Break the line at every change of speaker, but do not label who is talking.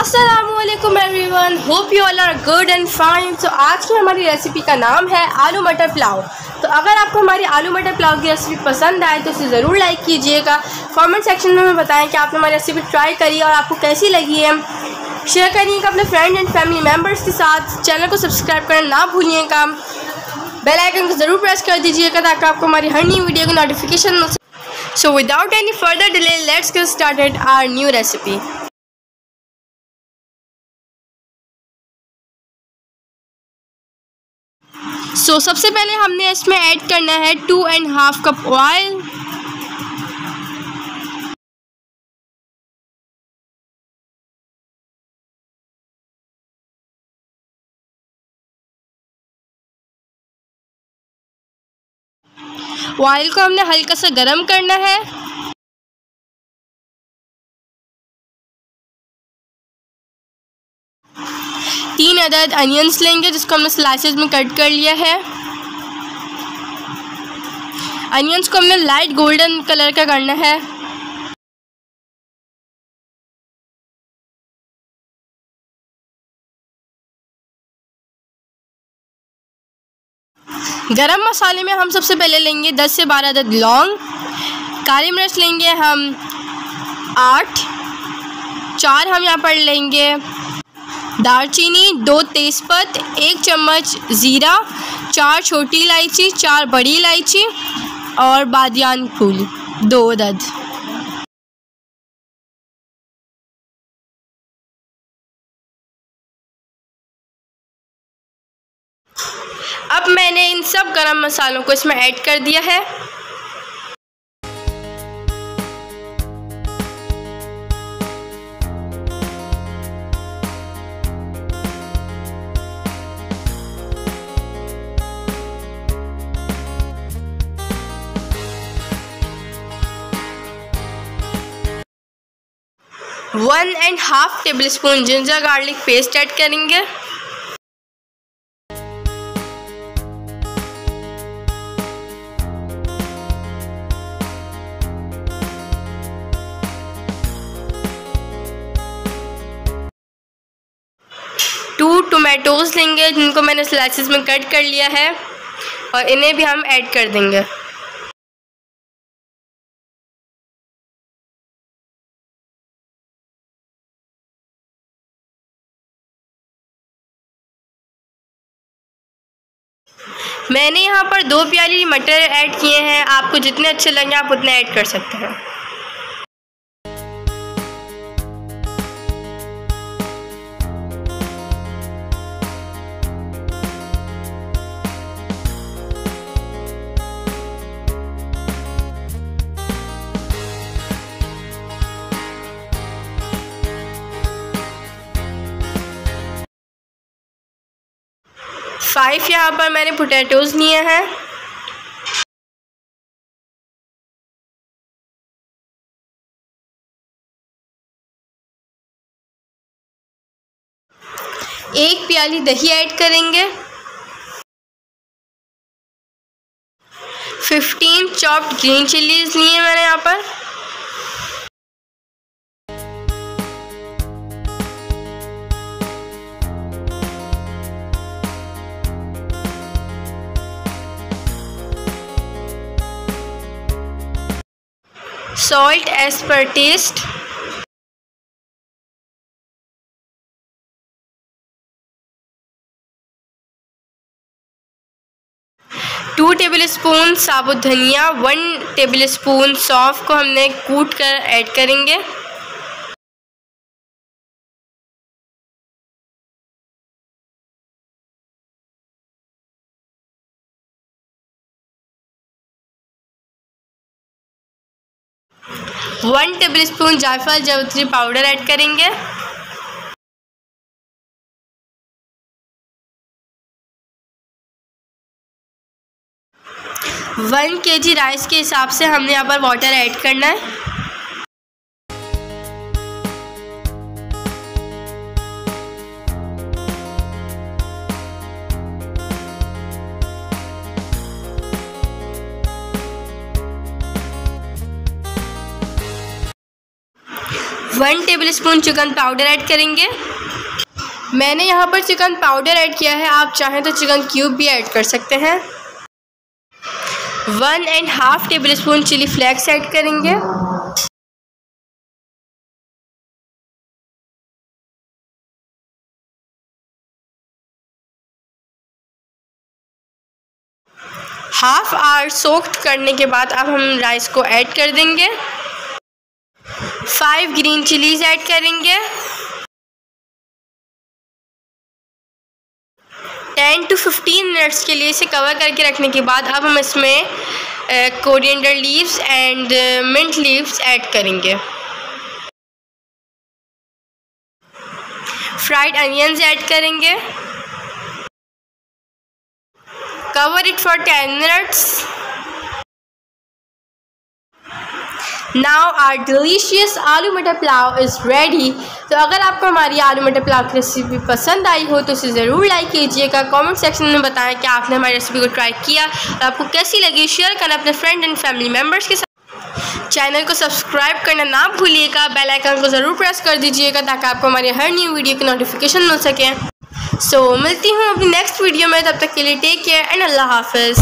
Aslam hope you all are good and fine तो आज की हमारी रेसिपी का नाम है आलू मटर पुलाव तो अगर आपको हमारी आलू मटर पुलाव की रेसिपी पसंद आए तो उसे ज़रूर लाइक कीजिएगा कमेंट सेक्शन में हमें बताएं कि आपने हमारी रेसिपी ट्राई करी और आपको कैसी लगी है शेयर करिएगा अपने फ्रेंड एंड फैमिली मेम्बर्स के साथ चैनल को सब्सक्राइब करना ना भूलिएगा बेलाइकन को ज़रूर प्रेस कर दीजिएगा ताकि आपको हमारी हर नई वीडियो की notification
So without any further delay, let's get started our new recipe.
so, सबसे पहले हमने इसमें ऐड करना है two and half cup oil
oil को हमने हल्का सा गर्म करना है तीन अदद अनियंस लेंगे जिसको हमने स्लाइसेस में कट कर
लिया है अनियंस को हमने लाइट गोल्डन कलर का करना है
गरम मसाले में हम सबसे पहले लेंगे दस से बारह अदद लौंग
काली मिर्च लेंगे हम आठ चार हम यहाँ पर लेंगे दालचीनी दो तेज़पत एक चम्मच ज़ीरा
चार छोटी इलायची चार बड़ी इलायची और बादियान फूल दो अदद अब मैंने इन सब गरम मसालों को इसमें ऐड कर दिया है
one and half tablespoon ginger garlic paste add करेंगे टोमेटोज़ लेंगे जिनको मैंने स्लाइसिस में कट कर
लिया है और इन्हें भी हम ऐड कर देंगे
मैंने यहाँ पर दो प्याली मटर ऐड किए हैं आपको जितने अच्छे लगे आप उतने ऐड कर सकते हैं फाइव यहाँ पर मैंने पोटैटोज़ लिए हैं एक प्याली दही ऐड करेंगे फिफ्टीन चॉप्ड ग्रीन चिलीज़ लिए मैंने यहाँ पर salt as per taste
two tablespoon साबुत धनिया वन टेबल स्पून सौंफ को हमने कूट कर ऐड करेंगे वन टेबल स्पून जायफल जावित्री पाउडर ऐड करेंगे वन के जी राइस के हिसाब से हमने यहाँ पर वाटर
ऐड करना है one tablespoon chicken powder add करेंगे मैंने यहाँ पर चिकन पाउडर ऐड किया है आप चाहें तो चिकन क्यूब भी ऐड
कर सकते हैं one and half tablespoon chilli flakes add करेंगे
हाफ आवर सोक्ड करने के बाद अब हम राइस को ऐड कर
देंगे फाइव ग्रीन चिलीज ऐड करेंगे टेन टू फिफ्टीन मिनट्स के लिए इसे कवर करके रखने के बाद अब हम इसमें coriander leaves and mint leaves add करेंगे फ्राइड अनियंस ऐड करेंगे cover it for ten minutes
now our delicious aloo matar pulao is ready तो अगर आपको हमारी आलू मटर पुलाव की रेसिपी पसंद आई हो तो इसे ज़रूर लाइक कीजिएगा कमेंट सेक्शन में बताएं कि आपने हमारी रेसिपी को ट्राई किया और आपको कैसी लगी शेयर करना अपने फ्रेंड एंड फैमिली मेम्बर्स के साथ चैनल को सब्सक्राइब करना ना भूलिएगा बेल आइकन को ज़रूर प्रेस कर दीजिएगा ताकि आपको हमारी हर न्यू वीडियो की नोटिफिकेशन मिल सके सो so, मिलती हूँ अपनी नेक्स्ट वीडियो में तब तक के लिए टेक केयर
एंड अल्लाह हाफिज़